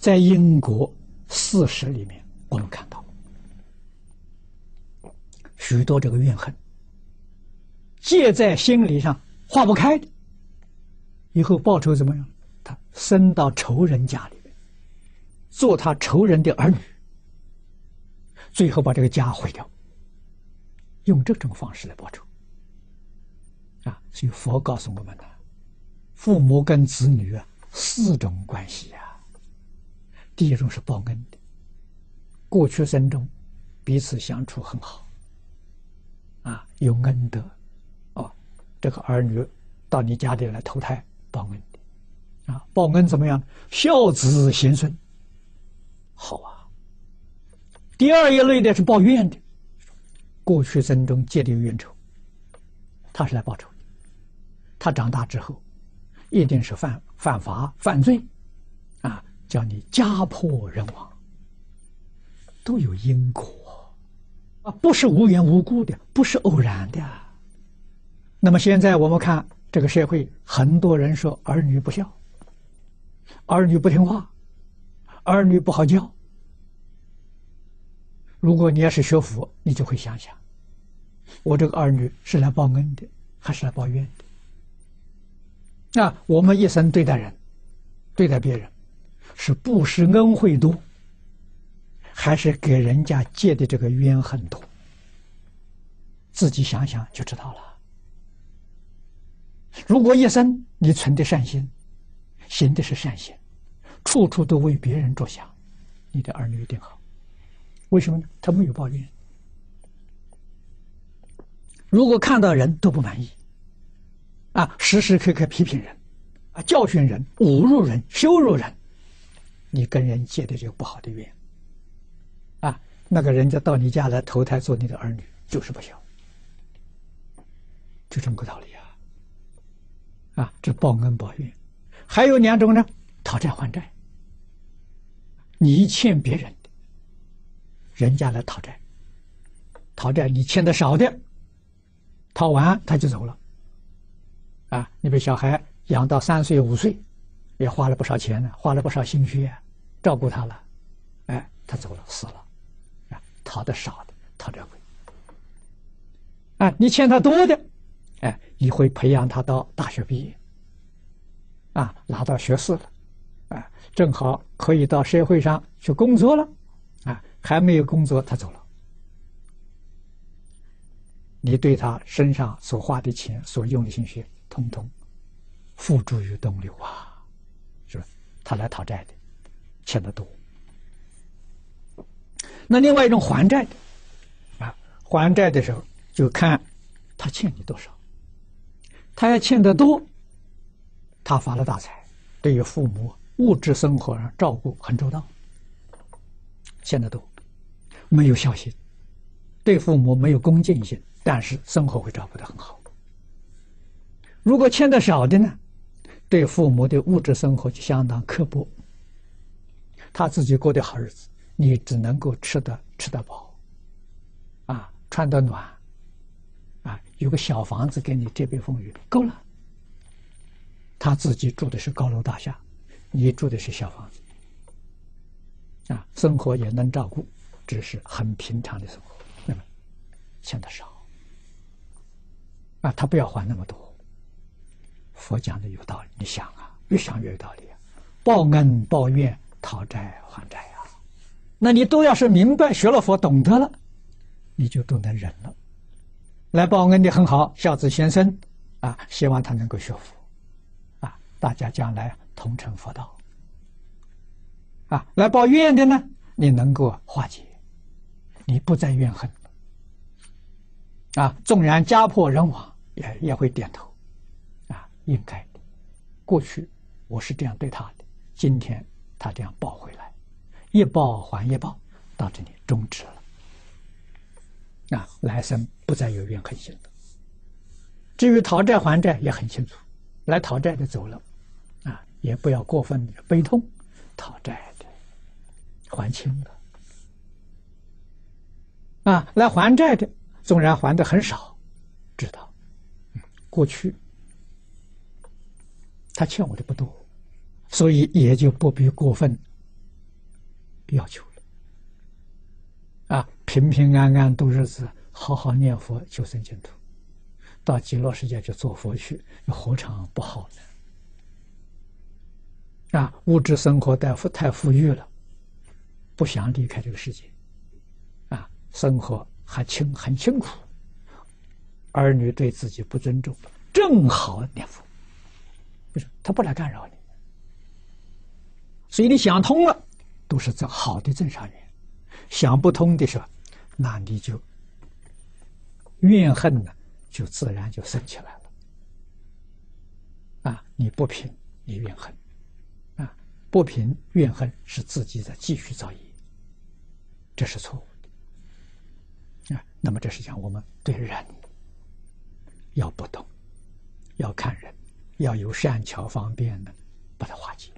在因果事實裡面，我們看到許多這個怨恨，結在心理上化不開的，以後報仇怎麼樣？他生到仇人家裡面，做他仇人的兒女，最後把這個家毀掉，用這種方式來報仇。啊，所以佛告訴我們的，父母跟子女啊，四種關係啊。第一種是報恩的，過去生中彼此相處很好，啊，有恩德，哦，這個兒女到你家裡來投胎報恩的，啊，報恩怎麼樣？孝子賢孫，好啊。第二一類的是報怨的，過去生中結的怨仇，他是來報仇的，他長大之後一定是犯犯法犯罪。叫你家破人亡，都有因果啊！不是無緣無故的，不是偶然的。那麼現在我們看這個社會，很多人說兒女不孝，兒女不聽話，兒女不好教。如果你要是學佛，你就會想想，我這個兒女是來報恩的，還是來報怨的？那我們一生對待人，對待別人。是布施恩惠多，還是給人家借的這個冤恨多？自己想想就知道了。如果一生你存的善心，行的是善行，處處都為別人着想，你的兒女一定好。為什麼呢？他沒有抱怨。如果看到人都不滿意，啊，時時刻刻批評人，啊，教訓人，侮辱人，羞辱人。你跟人借的這個不好的緣，啊，那個人家到你家來投胎做你的兒女，就是不孝，就這麼個道理啊。啊，這報恩報怨，還有兩種呢，討債還債。你欠別人的，人家來討債，討債你欠的少點，討完他就走了。啊，你把小孩養到三歲五歲。也花了不少錢呢，花了不少心血，照顧他了，哎，他走了，死了，啊，討的少的討債鬼，啊、哎，你欠他多的，哎，你會培養他到大學畢業，啊，拿到學士了，啊，正好可以到社會上去工作了，啊，還沒有工作，他走了，你對他身上所花的錢、所用的心血，通通付諸於東流啊！他來討債的，欠得多。那另外一種還債的啊，還債的時候就看他欠你多少。他要欠得多，他發了大財，對於父母物質生活上照顧很周到。欠得多，沒有孝心，對父母沒有恭敬心，但是生活會照顧得很好。如果欠的少的呢？對父母的物質生活就相當刻薄，他自己過得好日子，你只能夠吃得吃得飽，啊，穿得暖，啊，有個小房子給你遮風避雨，夠了。他自己住的是高樓大廈，你住的是小房子，啊，生活也能照顧，只是很平常的生活，那麼，欠的少，啊，他不要還那麼多。佛講的有道理，你想啊，越想越有道理啊！報恩、報怨、討債、還債啊，那你都要是明白學了佛，懂得了，你就都能忍了。來報恩的很好，孝子賢孫啊，希望他能夠學佛啊，大家將來同成佛道啊。來報怨的呢，你能夠化解，你不再怨恨啊。縱然家破人亡，也也會點頭。應該的，過去我是這樣對他的，今天他這樣報回來，一報還一報，到這裡終止了。啊，來生不再有怨恨心的。至於討債還債也很清楚，來討債的走了，啊，也不要過分的悲痛。討債的還清了，啊，來還債的縱然還得很少，知道，嗯，過去。他欠我的不多，所以也就不必過分要求了。啊，平平安安度日子，好好念佛，求生淨土，到極樂世界去做佛去，何嘗不好呢？啊，物質生活太富太富裕了，不想離開這個世界，啊，生活還清很清苦，兒女對自己不尊重，正好念佛。不來干擾你，所以你想通了，都是這好的正常人，想不通的是吧？那你就怨恨呢，就自然就生起來了。啊，你不平，你怨恨，啊，不平怨恨是自己在繼續造業，這是錯誤的。啊，那麼這是講我們對人要不同，要看人。要由善巧方便的，把它化解。